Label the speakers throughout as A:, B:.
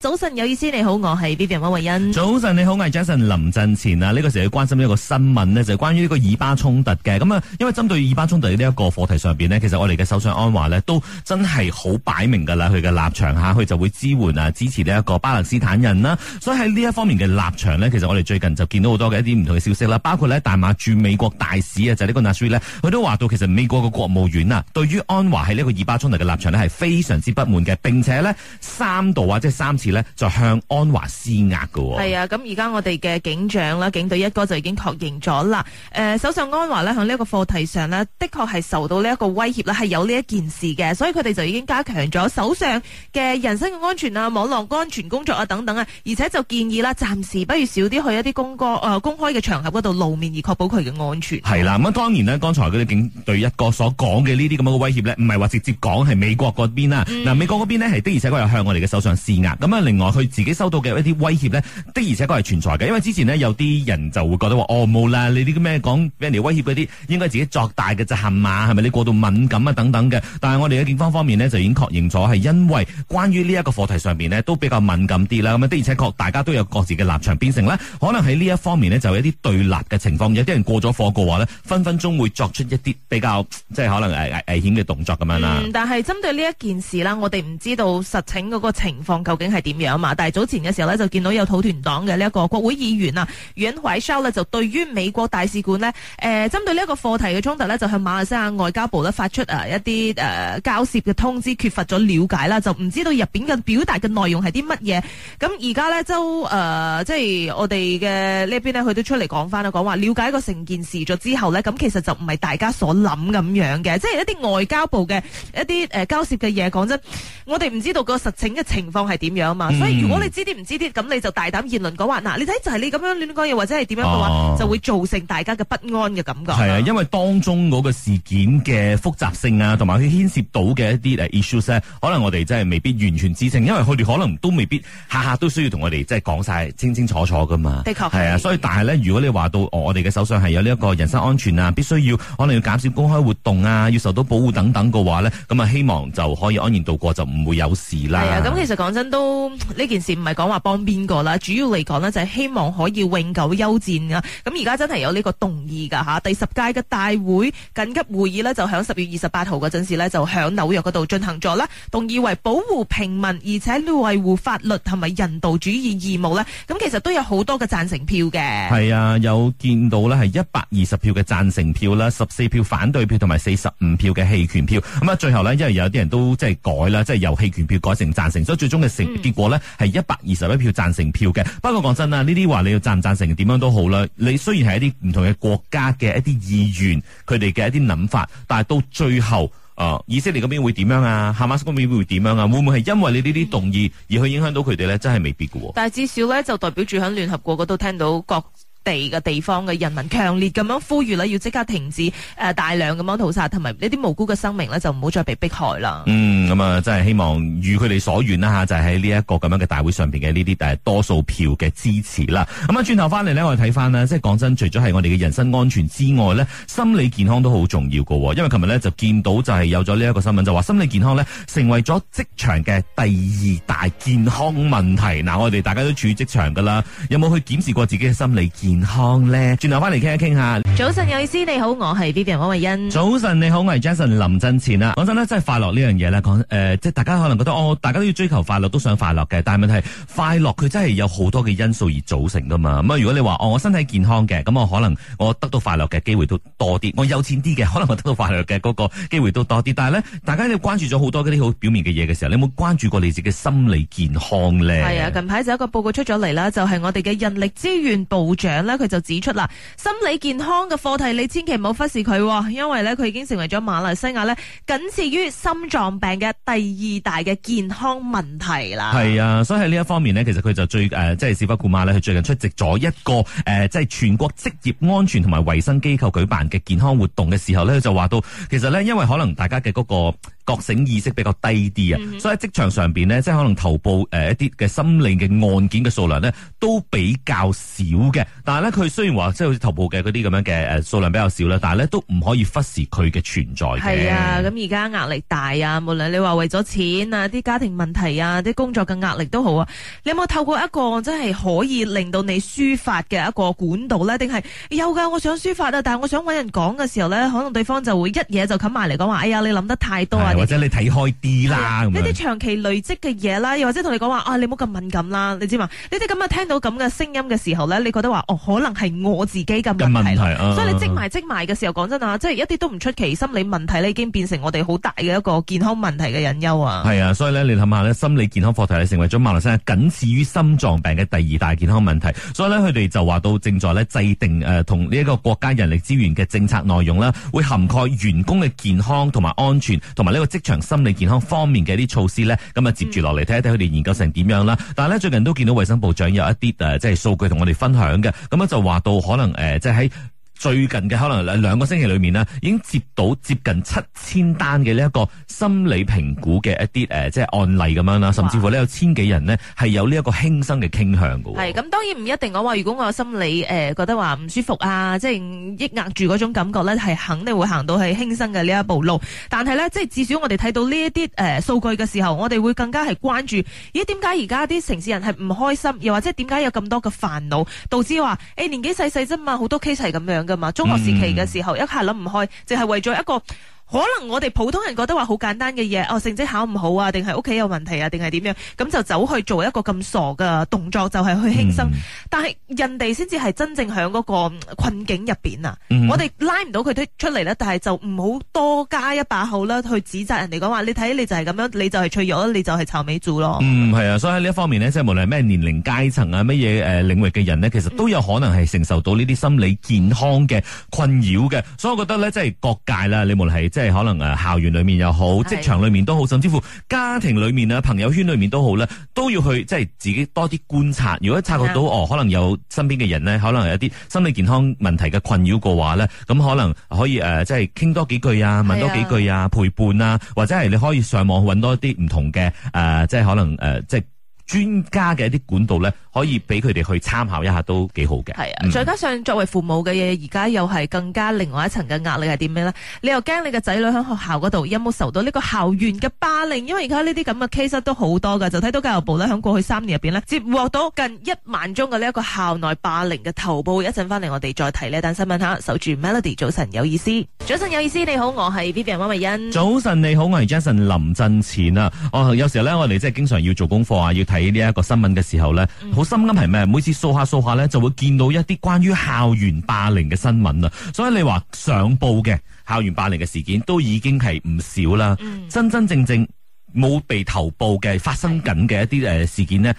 A: 早晨有意思，你好，我係 Melody 汪慧欣。
B: 早晨你好，我係 Jason 林振前啊。呢、這個時候關心呢一個新聞呢，就是、關於呢個以巴衝突嘅。咁啊，因為針對以巴衝突呢一個課題上邊呢，其實我哋嘅首相安華呢，都真係好擺明噶啦，佢嘅立場吓，佢就會支援啊，支持呢一個巴勒斯坦人啦。所以喺呢一方面嘅立場呢，其實我哋最近就見到好多嘅一啲唔同嘅消息啦。包括呢大馬駐美國大使啊，就呢、是、個 Nazri 佢都話到，其實美國嘅國務院啊，對於安華喺呢個以巴衝突嘅立場呢，係非常之不滿嘅，並且呢，三度啊，即係三次。就向安華施壓嘅。
A: 哦，係啊！咁而家我哋嘅警長啦，警隊一哥就已經確認咗啦。誒、呃，首相安華呢，喺呢一個課題上呢，的確係受到呢一個威脅啦，係有呢一件事嘅，所以佢哋就已經加強咗首相嘅人身嘅安全啊、網絡安全工作啊等等啊，而且就建議啦，暫時不如少啲去一啲公哥誒、呃、公開嘅場合嗰度露面，以確保佢嘅安全。係啦、
B: 啊，咁的當然呢，剛才嗰啲警隊一哥所講嘅呢啲咁嘅威脅呢，唔係話直接講係美國嗰邊啦。嗱、嗯，美國嗰邊呢，係的而且確又向我哋嘅首相施壓咁另外佢自己收到嘅一啲威脅呢，的而且確係存在嘅。因為之前呢，有啲人就會覺得話：哦冇啦，你啲咩講俾人哋威脅嗰啲，應該自己作大嘅啫，係嘛？係咪你過度敏感啊等等嘅？但係我哋嘅警方方面呢，就已經確認咗，係因為關於呢一個課題上邊呢，都比較敏感啲啦。咁的而且確大家都有各自嘅立場，變成啦。可能喺呢一方面呢，就有一啲對立嘅情況。有啲人過咗火嘅話呢，分分鐘會作出一啲比較即係可能危危險嘅動作咁樣啦。嗯，
A: 但係針對呢一件事啦，我哋唔知道實情嗰個情況究竟係點樣嘛？但係早前嘅時候咧，就見到有土團黨嘅呢一個國會議員啊，阮偉少呢就對於美國大使館呢，誒、呃、針對呢一個課題嘅衝突呢，就向馬來西亞外交部呢發出啊一啲誒、呃、交涉嘅通知，缺乏咗了，了解啦，就唔知道入邊嘅表達嘅內容係啲乜嘢。咁而家呢，就誒、呃、即係我哋嘅呢一邊咧，佢都出嚟講翻啦，講話了解個成件事咗之後呢，咁其實就唔係大家所諗咁樣嘅，即係一啲外交部嘅一啲誒、呃、交涉嘅嘢，講真，我哋唔知道個實情嘅情況係點樣。所以如果你知啲唔知啲，咁、嗯、你就大膽言論講話。嗱，你睇就係你咁樣亂講嘢，或者係點樣嘅話，哦、就會造成大家嘅不安嘅感覺。係啊，
B: 因為當中嗰個事件嘅複雜性啊，同埋佢牽涉到嘅一啲誒 issues、啊、可能我哋真係未必完全知情，因為佢哋可能都未必下下都需要同我哋即係講晒清清楚楚㗎嘛。的確係啊，所以但係咧，如果你話到我哋嘅手上係有呢一個人身安全啊，必須要可能要減少公開活動啊，要受到保護等等嘅話咧，咁啊希望就可以安然度過，就唔會有事啦。係啊，咁其
A: 實講真都。呢件事唔係講話幫邊個啦，主要嚟講呢就係希望可以永久休戰噶。咁而家真係有呢個動議噶吓。第十屆嘅大會緊急會議呢，就響十月二十八號嗰陣時呢，就響紐約嗰度進行咗啦。動議為保護平民，而且維護法律同埋人道主義義務呢。咁其實都有好多嘅贊成票嘅。係
B: 啊，有見到呢係一百二十票嘅贊成票啦，十四票反對票同埋四十五票嘅棄權票。咁啊，最後呢，因為有啲人都即係改啦，即係由棄權票改成贊成，所以最終嘅成結。嗯過咧，係一百二十一票贊成票嘅，不過講真啊，呢啲話你要贊唔贊成，點樣都好啦。你雖然係一啲唔同嘅國家嘅一啲議員，佢哋嘅一啲諗法，但係到最後，誒、呃，以色列嗰邊會點樣啊？哈馬斯嗰邊會點樣啊？會唔會係因為你呢啲動議，而去影響到佢哋咧？真係未必嘅。
A: 但係至少咧，就代表住喺聯合國嗰度聽到各。地嘅地方嘅人民強烈咁樣呼籲呢，要即刻停止誒、呃、大量咁樣屠殺，同埋呢啲無辜嘅生命呢就唔好再被迫害、嗯嗯嗯
B: 啊就是、啦。嗯，咁啊真係希望如佢哋所願啦吓，就係喺呢一個咁樣嘅大會上邊嘅呢啲誒多數票嘅支持啦。咁啊轉頭翻嚟呢，我哋睇翻呢，即係講真，除咗係我哋嘅人身安全之外呢，心理健康都好重要噶。因為琴日呢，就見到就係有咗呢一個新聞，就話心理健康呢，成為咗職場嘅第二大健康問題。嗱、嗯，我哋大家都處於職場噶啦，有冇去檢視過自己嘅心理健？健康咧，轉頭翻嚟傾一傾下。
A: 早晨，有意思，你好，我係 Vivian 王慧欣。
B: 早晨，你好，我係 Jason 林振前啦。講真咧，真係快樂呢樣嘢咧，講誒、呃，即係大家可能覺得哦，大家都要追求快樂，都想快樂嘅。但係問題係，快樂佢真係有好多嘅因素而組成噶嘛。咁啊，如果你話哦，我身體健康嘅，咁我可能我得到快樂嘅機會都多啲。我有錢啲嘅，可能我得到快樂嘅嗰個機會都多啲。但係咧，大家你關注咗好多嗰啲好表面嘅嘢嘅時候，你有冇關注過你自己心理健康咧？係啊，
A: 近排就有一個報告出咗嚟啦，就係、是、我哋嘅人力資源部長。咧佢就指出啦，心理健康嘅課題你千祈唔好忽視佢，喎，因為咧佢已經成為咗馬來西亞咧僅次於心臟病嘅第二大嘅健康問題啦。係
B: 啊，所以喺呢一方面呢，其實佢就最誒，即係史巴庫馬咧，佢，就是，最近出席咗一個誒，即，呃，係，就是、全國職業安全同埋衛生機構舉辦嘅健康活動嘅時候咧，就話到其實咧，因為可能大家嘅嗰，那個。覺醒意識比較低啲啊，嗯、哼所以喺職場上邊呢，即係可能投報誒一啲嘅心理嘅案件嘅數量呢，都比較少嘅。但係呢，佢雖然話即係好似投報嘅嗰啲咁樣嘅誒數量比較少啦，嗯、但係呢都唔可以忽視佢嘅存在嘅。係啊，
A: 咁而家壓力大啊，無論你話為咗錢啊，啲家庭問題啊，啲工作嘅壓力都好啊。你有冇透過一個即係可以令到你抒發嘅一個管道呢？定係有噶？我想抒發啊，但係我想搵人講嘅時候呢，可能對方就會一嘢就冚埋嚟講話，哎呀，你諗得太多啊！或者你
B: 睇開啲啦，呢啲、啊、樣
A: 長期累積嘅嘢啦，又或者同你講話啊，你唔好咁敏感啦，你知嘛？你哋係咁啊，聽到咁嘅聲音嘅時候咧，你覺得話哦，可能係我自己嘅問題，問
B: 題、啊、所以你積埋
A: 積埋嘅時候，講真啊，即、就、係、是、一啲都唔出奇，心理問題咧已經變成我哋好大嘅一個健康問題嘅隱憂啊。係
B: 啊，所以咧，你諗下咧，心理健康課題咧成為咗馬來西亞僅次於心臟病嘅第二大健康問題。所以咧，佢哋就話到正在制定、呃、同呢一個國家人力資源嘅政策內容啦，會涵蓋員工嘅健康同埋安全同埋呢個。職場心理健康方面嘅一啲措施咧，咁啊，接住落嚟睇一睇佢哋研究成點樣啦。嗯、但係咧最近都見到衞生部長有一啲誒，即係數據同我哋分享嘅，咁啊就話到可能誒，即係喺，就是最近嘅可能兩個星期裏面呢已經接到接近七千單嘅呢一個心理評估嘅一啲誒、嗯呃，即係案例咁樣啦，甚至乎呢，有千幾人呢係有呢一個輕生嘅傾向嘅
A: 喎。係咁，當然唔一定講話，我話如果我有心理誒、呃、覺得話唔舒服啊，即係抑壓住嗰種感覺呢，係肯定會行到係輕生嘅呢一步路。但係呢，即係至少我哋睇到呢一啲誒數據嘅時候，我哋會更加係關注，咦？點解而家啲城市人係唔開心？又或者點解有咁多嘅煩惱，導致話誒、哎、年紀細細啫嘛，好多 case 係咁樣的。噶嘛，中學時期嘅時候，嗯、一下諗唔開，淨係為咗一個。可能我哋普通人覺得話好簡單嘅嘢，哦，成績考唔好啊，定係屋企有問題啊，定係點樣咁就走去做一個咁傻嘅動作，就係去輕生。嗯、但係人哋先至係真正響嗰個困境入邊啊！嗯、我哋拉唔到佢出出嚟咧，但係就唔好多加一把口啦，去指責人哋講話，你睇你就係咁樣，你就係脆弱，你就係愁尾做咯。嗯，
B: 係啊，所以喺呢一方面咧，即係無論係咩年齡階層啊，乜嘢誒領域嘅人呢，其實都有可能係承受到呢啲心理健康嘅困擾嘅。所以我覺得咧，即係各界啦，你無論係。即係可能誒，校園裏面又好，職場裏面都好，甚至乎家庭裏面啊、朋友圈裏面都好咧，都要去即係自己多啲觀察。如果察覺到 Yeah. 哦，可能有身邊嘅人咧，可能有一啲心理健康問題嘅困擾嘅話咧，咁可能可以誒、呃，即係傾多幾句啊，問多幾句啊，Yeah. 陪伴啊，或者係你可以上網揾多啲唔同嘅誒、呃，即係可能誒、呃，即係。專家嘅一啲管道咧，可以俾佢哋去參考一下都幾好嘅。係啊，
A: 再加上、嗯、作為父母嘅嘢，而家又係更加另外一層嘅壓力係點咩咧？你又驚你嘅仔女喺學校嗰度有冇受到呢個校園嘅霸凌？因為而家呢啲咁嘅 case、啊、都好多噶，就睇到教育部咧喺過去三年入面呢，接獲到近一萬宗嘅呢一個校內霸凌嘅頭部。一陣翻嚟我哋再提呢單新聞下，守住 Melody，早晨有意思。早晨有意思，你好，我係 Vivian 汪慧欣。早
B: 晨你好，我係 Jason 林振前啊。我、哦、有時候咧，我哋即係經常要做功課啊，要睇。喺呢一個新聞嘅時候咧，好心噉係咩？每次掃下掃下咧，就會見到一啲關於校園霸凌嘅新聞啊！所以你話上報嘅校園霸凌嘅事件都已經係唔少啦。真真正正冇被投報嘅發生緊嘅一啲誒事件呢，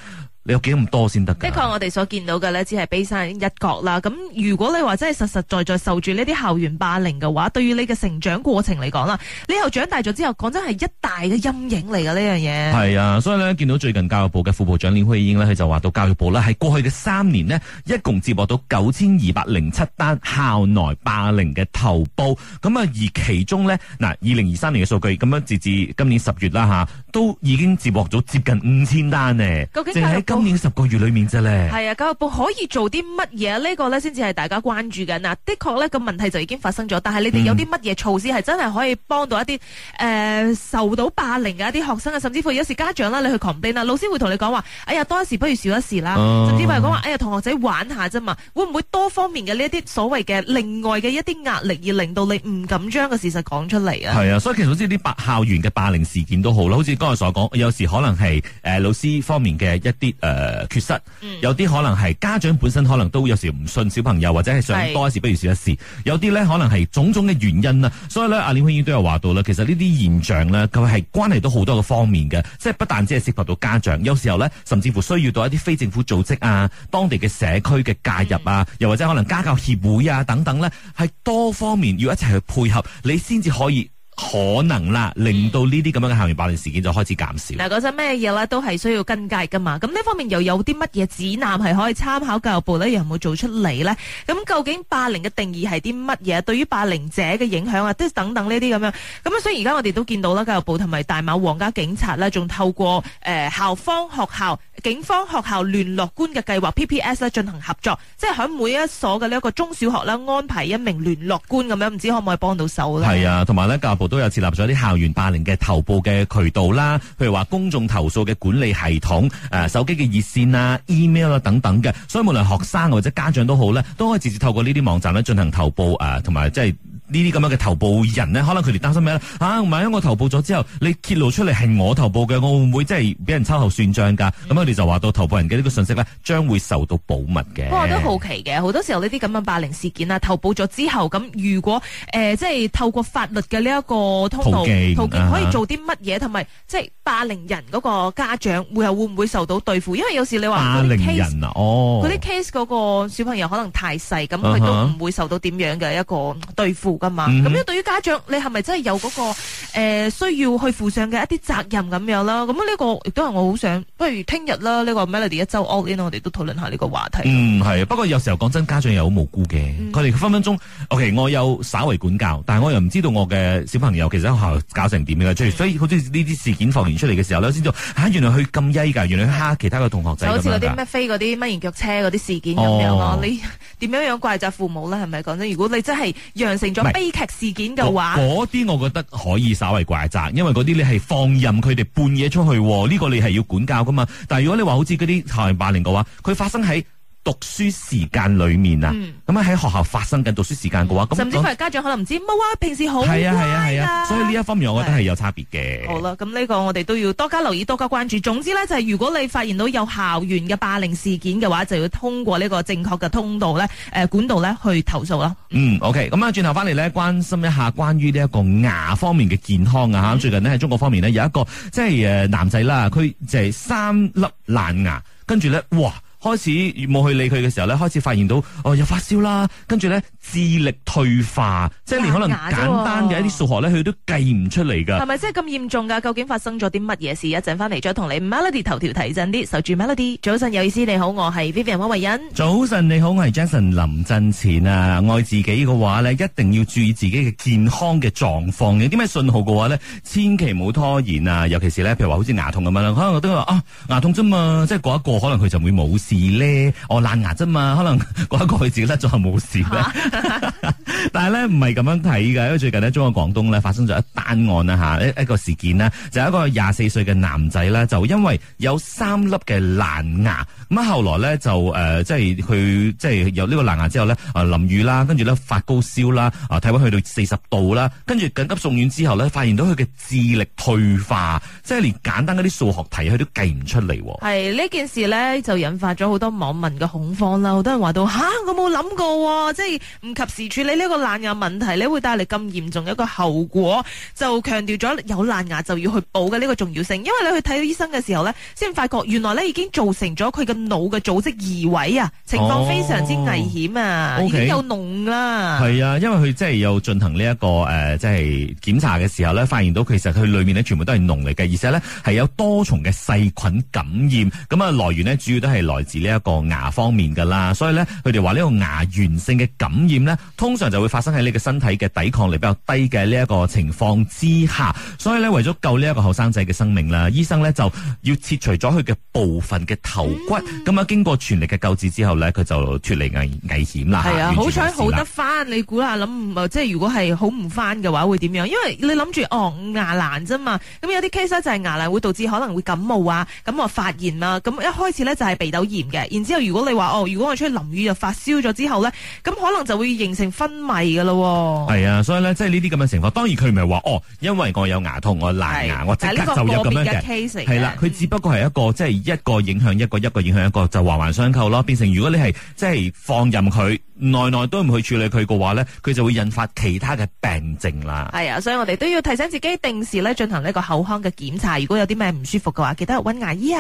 B: 你有幾咁多先得嘅？的確，
A: 我哋所見到嘅呢，只係冰山一角啦。咁如果你話真係實實在在受住呢啲校園霸凌嘅話，對於你嘅成長過程嚟講啦，你又長大咗之後，講真係一大嘅陰影嚟㗎呢樣嘢。係
B: 啊，所以呢，見到最近教育部嘅副部長林慧英呢，佢就話到教育部呢，喺過去嘅三年呢，一共接獲到九千二百零七單校內霸凌嘅投報。咁啊，而其中呢，嗱，二零二三年嘅數據咁樣，截至今年十月啦嚇，都已經接獲咗接近五千單呢。究竟？今年十個月裏面啫咧，係
A: 啊，教育部可以做啲乜嘢？呢個咧先至係大家關注緊。嗱。的確咧，個問題就已經發生咗，但係你哋有啲乜嘢措施係真係可以幫到一啲誒、嗯呃、受到霸凌嘅一啲學生啊，甚至乎有時家長啦，你去 complain 啦，老師會同你講話，哎呀，多一事不如少一事啦。哦、甚至係講話，哎呀，同學仔玩下啫嘛，會唔會多方面嘅呢一啲所謂嘅另外嘅一啲壓力，而令到你唔敢將個事實講出嚟啊？係啊，
B: 所以其實總之啲校園嘅霸凌事件都好啦，好似剛才所講，有時可能係、呃、老師方面嘅一啲誒、呃，缺失，嗯、有啲可能係家長本身可能都有時唔信小朋友，或者係想多一事不如少一事。是有啲呢可能係種種嘅原因啦，所以呢，阿李輝英都有話到啦，其實呢啲現象呢，佢係關係到好多個方面嘅，即係不但只係涉及到家長，有時候呢，甚至乎需要到一啲非政府組織啊、當地嘅社區嘅介入啊，嗯、又或者可能家教協會啊等等呢，係多方面要一齊去配合，你先至可以。可能啦，令到呢啲咁樣嘅校園霸凌事件就開始減少。
A: 嗱、嗯，嗰陣咩嘢咧，都係需要跟介噶嘛。咁呢方面又有啲乜嘢指南係可以參考？教育部咧有冇做出嚟咧？咁究竟霸凌嘅定義係啲乜嘢？對於霸凌者嘅影響啊，即等等呢啲咁樣。咁啊，所以而家我哋都見到啦，教育部同埋大馬皇家警察呢，仲透過誒、呃、校方、學校、警方、學校聯絡官嘅計劃 P P S 咧進行合作，即係喺每一所嘅呢一個中小學咧安排一名聯絡官咁樣，唔知可唔可以幫到手咧？係
B: 啊，同埋呢。教育部。都有設立咗啲校園霸凌嘅投報嘅渠道啦，譬如話公眾投訴嘅管理系統、誒、呃、手機嘅熱線啊、email 啊等等嘅，所以無論學生或者家長都好咧，都可以直接透過呢啲網站咧進行投報啊，同埋即係。呢啲咁樣嘅投保人呢，可能佢哋擔心咩咧？啊，萬一我投保咗之後，你揭露出嚟係我投保嘅，我會唔會即係俾人秋後算賬㗎？咁佢哋就話到投保人嘅呢個信息咧，將會受到保密嘅。不過我都好
A: 奇嘅，好多時候呢啲咁嘅霸凌事件啊，投保咗之後，咁如果誒、呃、即係透過法律嘅呢一個通道，途徑，途徑可以做啲乜嘢？同埋、uh huh. 即係霸凌人嗰個家長會又會唔會受到對付？因為有時你話霸凌人
B: 啊，哦，嗰啲
A: case 嗰個小朋友可能太細，咁佢都唔會受到點樣嘅一個對付。Uh huh. 咁、嗯、樣對於家長，你係咪真係有嗰、那個誒、呃、需要去負上嘅一啲責任咁樣啦？咁呢個亦都係我好想，不如聽日啦呢個 Melody 一周 a 我哋都討論下呢個話題。嗯，
B: 係，不過有時候講真，家長又好無辜嘅，佢哋、嗯、分分鐘，OK，我有稍微管教，但係我又唔知道我嘅小朋友其實喺學校搞成點嘅，嗯、所以好似呢啲事件浮現出嚟嘅時候咧，先知道吓，原來佢咁曳噶，原來蝦其他嘅同學仔好似嗰啲咩
A: 飛嗰啲乜然腳車嗰啲事件咁樣咯，你點樣樣怪責父母咧？係咪講真？如果你真係養成咗。是悲劇事件嘅話，
B: 嗰啲我，我覺得可以稍微怪責，因為嗰啲你係放任佢哋半夜出去，呢、這個你係要管教噶嘛。但係如果你話好似嗰啲校園霸凌嘅話，佢發生喺讀書時間裏面啊，咁啊喺學校發生緊讀書時間嘅話，嗯、那甚至佢係
A: 家長可能唔知，冇啊那平時好、啊，係啊係啊係啊，所以
B: 呢一方面我覺得係有差別嘅。好
A: 啦，咁呢個我哋都要多加留意，多加關注。總之咧，就係、是、如果你發現到有校園嘅霸凌事件嘅話，就要通過呢個正確嘅通道咧，誒、呃、管道咧去投訴啦。
B: 嗯，OK，咁啊轉頭翻嚟咧，關心一下關於呢一個牙方面嘅健康啊吓，嗯、最近呢，喺中國方面呢，有一個即係誒男仔啦，佢就係三粒爛牙，跟住咧哇。開始冇去理佢嘅時候咧，開始發現到哦，又發燒啦，跟住咧智力退化，即係連可能簡單嘅一啲數學咧，佢都計唔出嚟噶。係咪
A: 即係咁嚴重噶？究竟發生咗啲乜嘢事？一陣翻嚟再同你 Melody 頭條睇真 D，守住 Melody。早晨有意思，你好，我係 Vivian 溫慧欣。
B: 早晨你好，我係 Jason 林振前啊。愛自己嘅話咧，一定要注意自己嘅健康嘅狀況。有啲咩信號嘅話咧，千祈唔好拖延啊。尤其是咧，譬如話好似牙痛咁樣啦，可能我都話啊，牙痛啫嘛，即係過一過，可能佢就會冇事。事咧，我、哦、爛牙啫嘛，可能過一過佢自己甩咗就冇事啦。啊、 但係咧唔係咁樣睇嘅，因為最近呢，中國廣東咧發生咗一單案啦吓，一一個事件呢，就係、一個廿四歲嘅男仔啦，就因為有三粒嘅爛牙，咁啊後來咧就誒、呃、即係去即係有呢個爛牙之後咧啊淋雨啦，跟住咧發高燒啦，啊體溫去到四十度啦，跟住緊急送院之後咧，發現到佢嘅智力退化，即係連簡單嗰啲數學題佢都計唔出嚟。係呢件
A: 事咧就引發咗好多網民嘅恐慌啦，好多人話到吓，我冇諗過，即係唔及時處理呢個爛牙問題你會帶嚟咁嚴重嘅一個後果。就強調咗有爛牙就要去補嘅呢個重要性，因為你去睇醫生嘅時候呢，先發覺原來呢已經造成咗佢嘅腦嘅組織移位啊，情況非常之危險啊，哦、已經有膿啦。係、哦
B: okay、啊，因為佢即係有進行呢、這、一個誒，即係檢查嘅時候呢，發現到其實佢裏面呢全部都係膿嚟嘅，而且呢係有多重嘅細菌感染。咁啊，來源呢主要都係來。呢一個牙方面嘅啦，所以咧佢哋話呢個牙源性嘅感染咧，通常就會發生喺你嘅身體嘅抵抗力比較低嘅呢一個情況之下，所以咧為咗救呢一個後生仔嘅生命啦，醫生咧就要切除咗佢嘅部分嘅頭骨，咁啊、嗯、經過全力嘅救治之後咧，佢就脱離危危險啦。係啊，好彩好得翻，
A: 你估下諗即係如果係好唔翻嘅話，會點樣？因為你諗住哦牙爛啫嘛，咁有啲 case 就係牙爛會導致可能會感冒啊，咁啊發炎啊，咁一開始咧就係鼻竇炎然之後如果你話哦，如果我出去淋雨就發燒咗之後咧，咁可能就會形成昏迷噶咯、
B: 哦。係啊，所以咧，即係呢啲咁嘅情況。當然佢唔係話哦，因為我有牙痛，我爛牙，的我即刻就有咁樣嘅。個個 case 係啦，佢只不過係一個即係一個影響一個，一個影響一個，就環環相扣咯。變成如果你係即係放任佢，耐耐都唔去處理佢嘅話咧，佢就會引發其他嘅病症啦。
A: 係啊，所以我哋都要提醒自己定時咧進行呢個口腔嘅檢查。如果有啲咩唔舒服嘅話，記得揾牙醫啊。